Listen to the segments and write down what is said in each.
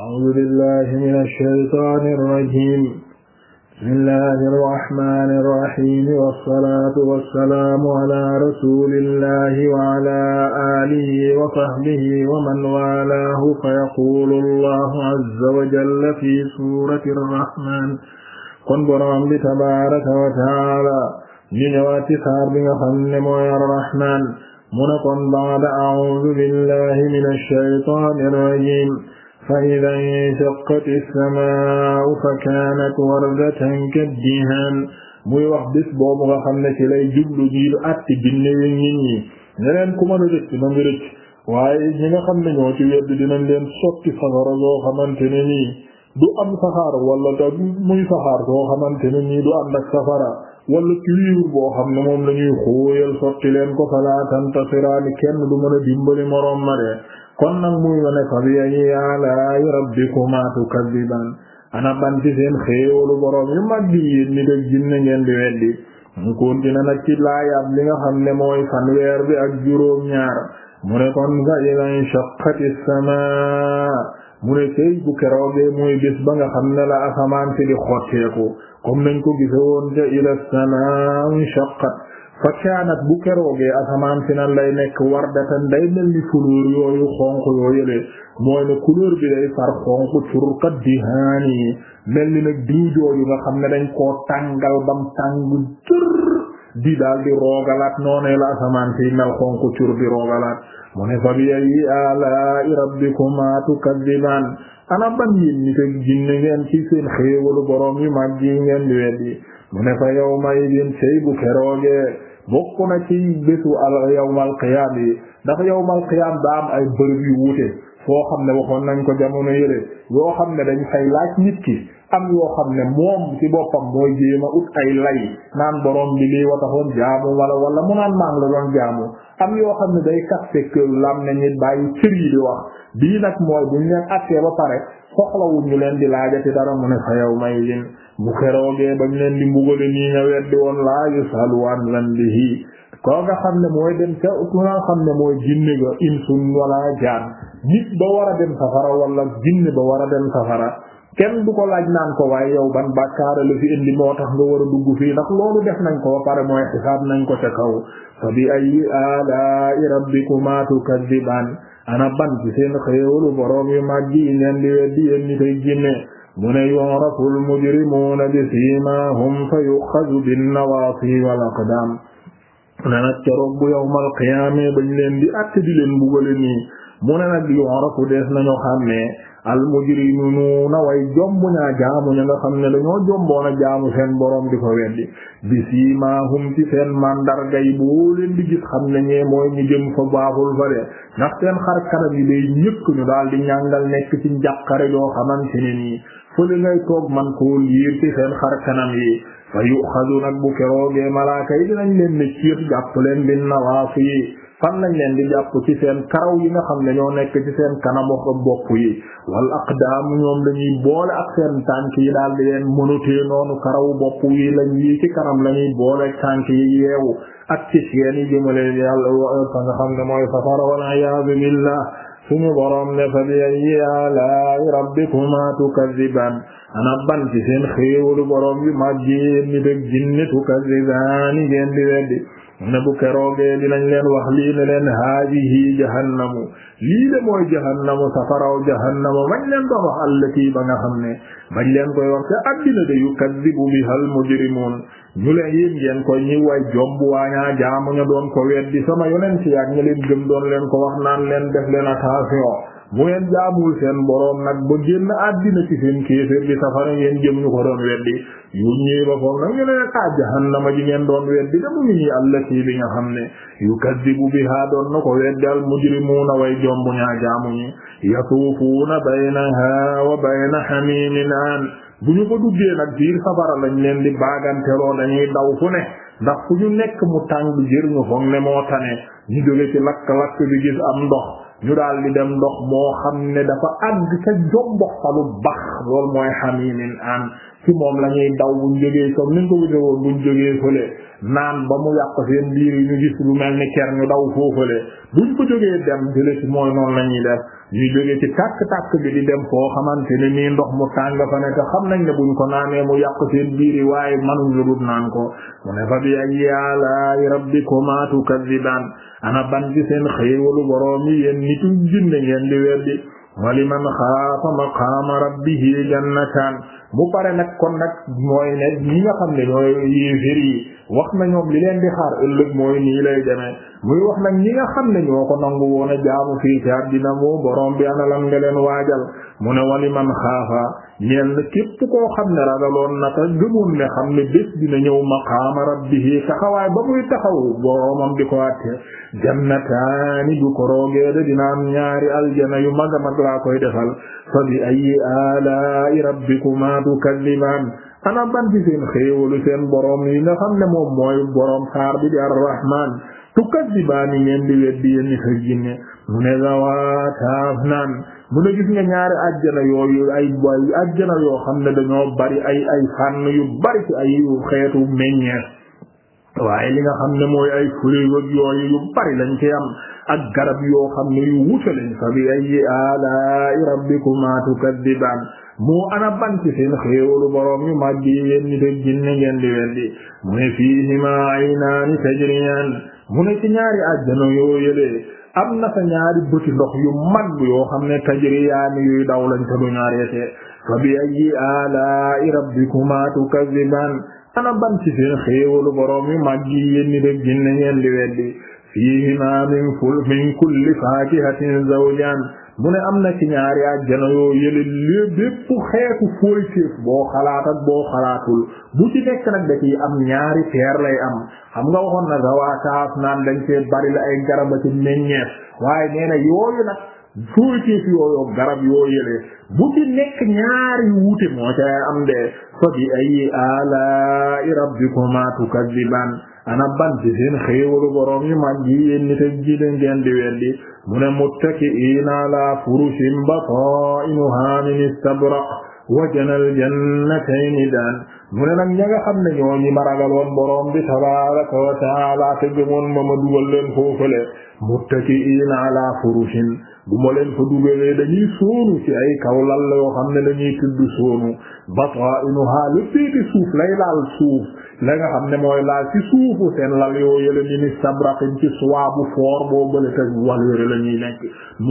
أعوذ بالله من الشيطان الرجيم بسم الله الرحمن الرحيم والصلاة والسلام على رسول الله وعلى آله وصحبه ومن والاه فيقول الله عز وجل في سورة الرحمن kon Boroom bi tabaaraka wa ta'aala ñu ñëwaat ci saar bi nga xam ne mooy Ar-Rahmaan mu ne kon ba'da a'uuzu billahi mina shaytaani rajiim فإذا انشقت السماء فكانت وردة كالدهان muy wax bés boobu nga xam ne ci lay jublu ji lu àtt jinne wi nit ñi ñeneen ku mën a rëcc na nga rëcc waaye ñi nga xam ne ñoo ci wedd dinañ leen sotti safara soo xamante ne nii du am saxaar wala te muy saxaar soo xamante ne nii du ànd ak safara wala cuivre boo xam ne moom la ñuy xóoyal sotti leen ko fala tantasiraani kenn du mën a dimbali moroom ma de kon nag muy wane fa bi ayyi alaa'i rabbikumaa tukazzibaan ana ban ci seen xéewalu boroom yu mag bi yéen nit ak jinne ngeen di weddi mu kontine nag ci laayab li nga xam ne mooy fanweer bi ak juróom ñaar mu ne kon fa idaa inshaqqati samaa mu ne tey bu keroogee muy bis ba nga xam ne la asamaan si di xotteeku comme nañ ko gise woon ca idaa samaa inshaqqat fa kaanat bu keroogee asamaan si nan lay nekk wardatan day mel ni fleur yooyu xonq yoo yëlee mooy ne couleur bi day far xonq curkat dihaani mel ni nag diw jooju nga xam ne dañ koo tàngal bam tàng jër di daal di roogalaat noonee la asamaan si mel xonq cur di roogalaat mu ne fa bi ayyi alaa'i rabbikumaa tukazzibaan ana ban yéen nit ak jinne ngeen ci seen xéewalu boroom yu mag yi ngeen di weddi mu ne fa yawma idin sey bu keroogee bokk na ci bésu al yawmal qiyaam yi ndax yawmal qiyaam daa am ay bërëb yu wuute foo xam ne waxoon nañ ko jamono yële yoo xam ne dañu fay laaj nit ki am yoo xam ne moom ci boppam mooy jéem ma ut ay lay naan borom bi lii wataxoon jaamu wala wala mu naan maa ngi la doon jaamu am yoo xam ne day kaste kër lam ne ñi bàyyi cër yi di wax bii nag mooy buñ leen attee ba pare soxlawul ñu leen di laajati dara mu ne fa yawma idin bu keroogee bañ leen di mbugale nii nga weddi woon laa yusalu an zambihi koo nga xam ne mooy dem ca ku nga xam ne mooy jinne ga insun wala jaan nit ba war a safara wala jinne ba war a dem safara kenn du ko laaj naan ko waaye yow ban bàkkaara la fi indi moo tax nga war a dugg fii ndax loolu def nañ ko ba pare mooy xisaab nañ ko ca kaw fa bi ayi alaa rabbikuma tukaddiban ana ban ci seen xéewalu boroom yu mag yi ngeen di weddi yéen ñi koy jinne mu ne yu'raful mujrimuuna bi siimaahum fa yuxazu bin nawaasi wal aqdaam ne nag keroog bu yawmal qiyaama bañ leen di àtt di leen bugale nii mu ne nag yu'rafu dees nañu xàmmee al mujrimuuna way jombu ñaa jaamu ña nga xam ne dañoo jomboon a jaamu seen borom di ko weddi bi siimaahum ci seen mandarga yi boo leen di gis xam ne ñee mooy ñu jëm fa baaxul fa de ndax seen xar kanam yi day ñëkk ñu daal di ñàngal nekk ci njàqare yoo xamante ne nii fële ngay toog man ko liir ci seen xar kanam yi fa yuxadu nag bu keroogee malaaka yi dinañ leen ne ciix jàpp leen bi nawaaf yi fan lañ leen di jàpp ci seen karaw yi nga xam ne ñoo nekk ci seen kanam ak bopp yi wal aqdaam ñoom lañuy boole ak seen tànk yi daal di leen mënatee noonu karawu bopp yi lañ yi ci kanam lañuy boole tànk yi yeewu ak ci seen yi jëmale yàlla fa nga xam ne mooy safara wal iyaadu billah suñu boroom ne fa bi ayyi alaa'i rabbikumaa tukazzibaan ana ban ci seen xéewalu boroom yu ma yi nit ak jinne tukazzibaan ngeen di weddi ne bu keroogee dinañ leen wax lii ne leen haadihi jahannamu lii de mooy jahannamu safaraw jahannamu mañ leen doon wax ba nga xam ne bañ leen koy wax ca àddina de yukazzibu biha ñu leen yéen ngeen ko ñi way jomb waa ñaa jaamu ñu doon ko weddi sama yonent yaak ña leen gëm doon leen ko wax naan leen def leen attention bu ngeen jaamul seen boroom nag bo génn àddina ci seen kéeféer bi safara ngeen jëm ñu ko doon weddi yu ñëw ba foofu ñu ne taa jahannama ji ngeen doon weddi da mu ngi allati bi nga xam ne yu bi biha doon na ko weddi al mujrimuuna way jombu ñaa jaamu ñi yatuufuuna baynaha wa bayna hamimin aan bu ñu ko duggee nag biir safara lañ leen di baaganteloo dañuy daw fu ne ndax fu ñu nekk mu tàng jër ñu foog ne moo tane ñu jóge ci lakk-lakk bi gis am ndox ñu daal di dem ndox moo xam ne dafa àgg ca jombox fa lu bax loolu mooy xamimin an ci moom la ñuy jógee ko ni nga ko wute woon buñ jógee fële naan ba mu yàq seen biir yi ñu gis bu mel ni ker ñu daw foofale duñ ko jógee dem jële mooy noonu la ñuy def ñu jógee ci tàkk-tàkk bi di dem foo xamante ne nii ndox mu tàng fa ne te xam nañ ne buñ ko naanee mu yàq seen biir yi waaye manuñ lu dul naan ko mu ne fa bi ayyi alaa'i rabbikumaa tukazzibaan ana ban ci seen xéewalu boroom yi yéen nitu jinne ngeen di weddi waliman xaafa maqaama rabbihi jannataan bu pare nag kon nag mooy ne ñi nga xam ne ñooy yéefér yi wax na ñoom li leen di xaar ëllëg mooy nii lay demee muy wax nag ñi nga xam ne ñoo ko nangu woon a jaamu fii ci àddina moo borom bi ana lan nga leen waajal mu ne wali man xaafa ñeel na képp koo xam ne ragaloon na te gëmoon ne xam ne bés dina ñëw maqaama rabbihi taxawaay ba muy taxaw boromam di ko àtte jannataani du ko roogee de am ñaari aljana yu mag a mag laa koy defal fa bi ayi alaa'i rabbikuma tukaddimaan ana ban ci seen xéewalu seen borom yi nga xam ne moom mooy borom xaar bi di ar tukazzibaani ngeen di weddi yéen ni xëy jinne mu ne zawaataaf naan mu ne gis nga ñaari ajjana yooyu ay ajjana yoo xam ne dañoo bari ay ay fànn yu bari ci ay xeetu meññeef waaye li nga xam ne mooy ay fleuve yooyu yu bari lañ ci am ak garab yoo xam ne yu wuute lañ fa bi ayyi alaa'i rabbikumaa tukazzibaan moo ana ban ci seen xéewalu boroom yu màgg yi yéen nit ak ngeen di weddi mu ne fiihimaa aynaani tajriyaan mu ne ci ñaari àjjana yoo yëlee am na fa ñaari bëti ndox yu mag yoo xam ne tajriyaani yuy daw lañ te du ñaareetee fa bi ayyi alaa'i rabbikumaa tukazzibaan ana ban ci seen xéewalu boroom yu mag yi yéen ñi def jinne ngeen di weddi fiihimaa min kulli faakihatin zawjaan mu ne am na ci ñaari àjjana yoo yële lépp bépp xeetu fooy séef boo xalaat ak boo xalaatul bu ci nekk nag da am ñaari peer lay am xam nga waxoon na zawakaaf naan dañ cee bari la ay garaba ci meññeef waaye nee yooyu nag foyteef yooyu garab yoo yëlee bu ci nekk ñaari wuute moo ca am de fa bi ay ala rabbikuma tukazziban ana ban ci seen xéewalu borom yu mag yi yéen nit ak jigéen ngeen di weddi mu ne muttaki'ina ala min istabraq wa janal jannatayni daan mu ne nag ña ne ñoo ñi ma borom bi tabaaraka wa ta'aala te gëmoon ma ma dugal leen foofale muttaki'ina ala furushin bu ma leen fa dugalee dañuy sóonu ci ay kaw lal la yoo xam ne dañuy tudd sóonu batra unoha le féete suuf lay laal suuf la nga xam ne mooy laal ci suufu seen lal yoo yële ni ni sabraxin ci soie bu foor boo bële teg wàl yore la ñuy nekk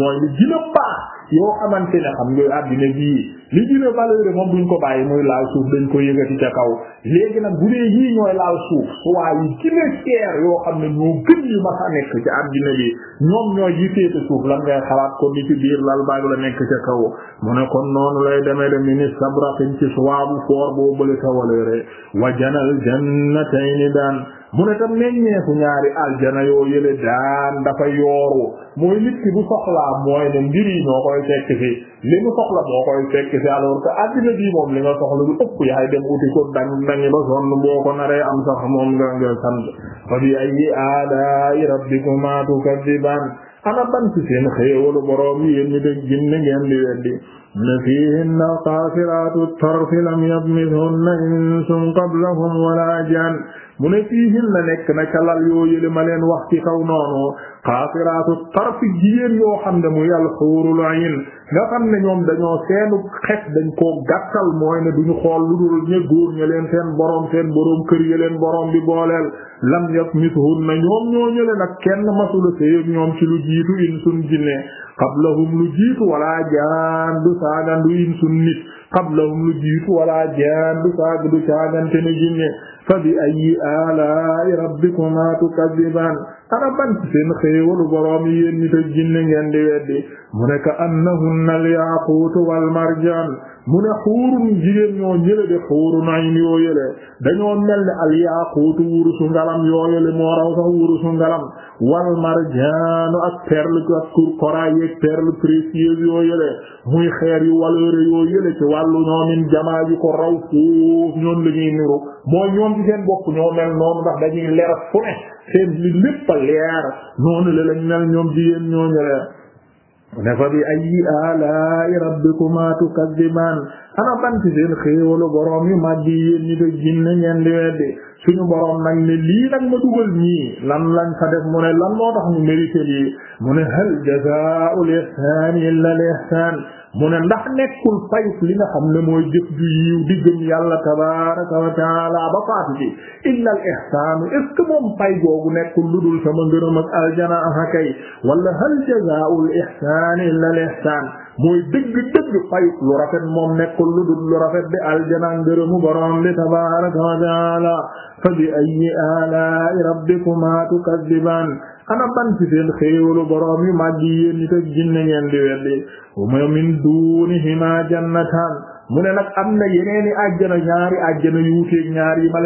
mooy li gën a baax yoo xamante ne xam nga àddina bii li dina valeur moom duñ ko bàyyi muy laal suuf dañ ko yëgati ca kaw léegi nag bu dee yii ñooy laal suuf soit yi gën a yoo xam ne ñoo gën yu ma sa nekk ci àddina bi ñoom ñooy yi féete suuf lan ngay xalaat ko ni ci biir lal baag la nekk ca kaw mu ne kon noonu lay demee de mini sabratin ci suwaabu foor boo bële sa waleere wajanal jannatayni daan mu ne tam meññeeku ñaari aljana yoo yële daan dafa yooru mooy nit ki bu soxlaa mooy yi ñoo fi alors que addina bii moom li nga soxla lu ëpp yaay dem uti ko dang dangi ba sonn boo ko naree am sax moom nga nga sant fa bi ayyi aalaa'i rabbikumaa tukazzibaan ana ban ci seen xéewalu boroom yi yéen ñi dég ginne ngeen di weddi na fiihinna qaasiraatu tarfi lam yadmithunna insun qablahum wala jaan mu ne fii hin na nekk na ca lal yoo yële ma leen wax ci kaw noonu xaasiraatu tarfi jigéen yoo xam ne muy alxuurul ayn nga xam ne ñoom dañoo seenu xef dañ ko gàttal mooy ne duñu xool lu dul ña góor ña seen boroom seen boroom kër ya leen boroom bi booleel lam yasmithunna ñoom ñoo ñële nag kenn masula séyëg ñoom ci lu jiitu insun jinne qablahum lu jiitu wala jaan du saagan du insun nit qablahum lu jiitu wala jaan du saag du caagante ni jinne fa bi ayi alaa'i rabbikuma tukadibaan ana ban seen xéewalu boroom yéen ñi te jinne ngeen di weddi mu ne ka annahunna al-yaaquutu wal marjaan mu ne xuurun jigéen ñoo ñële de xuurun ayn yoo yële dañoo mel ne al yaaquutu wurusu ngalam yoo yële moo raw sax wurusu ngalam wal marjaanu ak perle ak tur corail ak perle yoo yële muy xeer yu waleere yoo yële ci wàllu ñoomin jamaa yu ko raw foofu ñoom la ñuy niru mooy ñoom ci seen bopp ñoo mel noonu ndax dañuy leer fu seen li lépp a leer noonu la lañ mel ñoom jigéen ñoo ñële ne fa bi ayyi alaa'i rabbikumaa tukazzibaan ana ban ci seen xéewalu boroom yu màgg yi yéen ñi te jinne ngeen di weddi suñu boroom nag ne lii nag ma dugal ñii lan lañ fa def mu ne lan moo tax ñu mérité lii mu ne hal jazaa'ul ihsaani illal ihsaan mu ne ndax nekkul fayut li nga xam ne mooy jëf ju yiw di gëm yàlla tabaraka wa taala ba faatu ji illa al ihsaanu est ce que moom fay googu nekkul lu dul sama ngërëm ak aljana aha kay wala hal jazaa'ul ihsaani illa al ihsaan mooy dëgg-dëgg fayu lu rafet moom nekkul lu dul lu rafet de aljanaa ngërëmu borom bi tabaaraka wa taala fa bi ayyi alaa'i rabbikumaa tukazzibaan ana ban ci seen xéewalu borom yu màggi yéen nit ak jinne ngeen di weddi wa min duunihimaa jannataan mu ne nag am na yeneeni àjjana ñaari àjjana yu wuteeg ñaar yi ma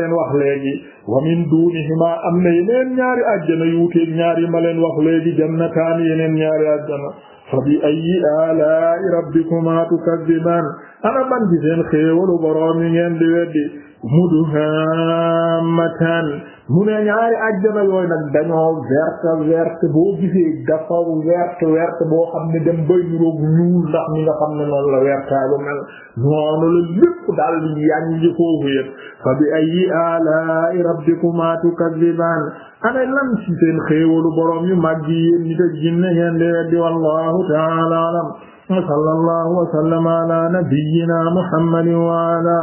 wa min duunihimaa am na yeneen ñaari àjjana yu wuteeg ñaar yi ma leen yeneen ñaari àjjana fa bi ayyi alaa'i rabbikumaa tukazzibaan ana ban ci seen xéewalu boroom yi ngeen di weddi mudhaammataan mu ne ñaari àjjana yooyu nag dañoo verte verte boo gisee dafa verte verte boo xam ne dem bay niroog ñuul ndax mi nga xam ne noonu la wertaay bu mel noonu la lépp daal yañ ji foofu yëpp fa bi ayyi alaa'i rabbikumaa tukazzibaan ana lan ci seen xéewalu boroom yu mag yi yéen nit ak jinne ngeen di weddi wallahu ta'ala alam wa sallallahu wa sallama ala nabiyyina muhammadin wa ala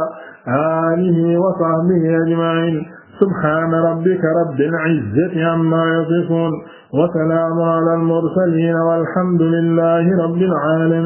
alihi wa sahbihi ajma'in subhana rabbika rabbil izzati amma yasifun wa salamun ala al mursalin walhamdulillahi rabbil alamin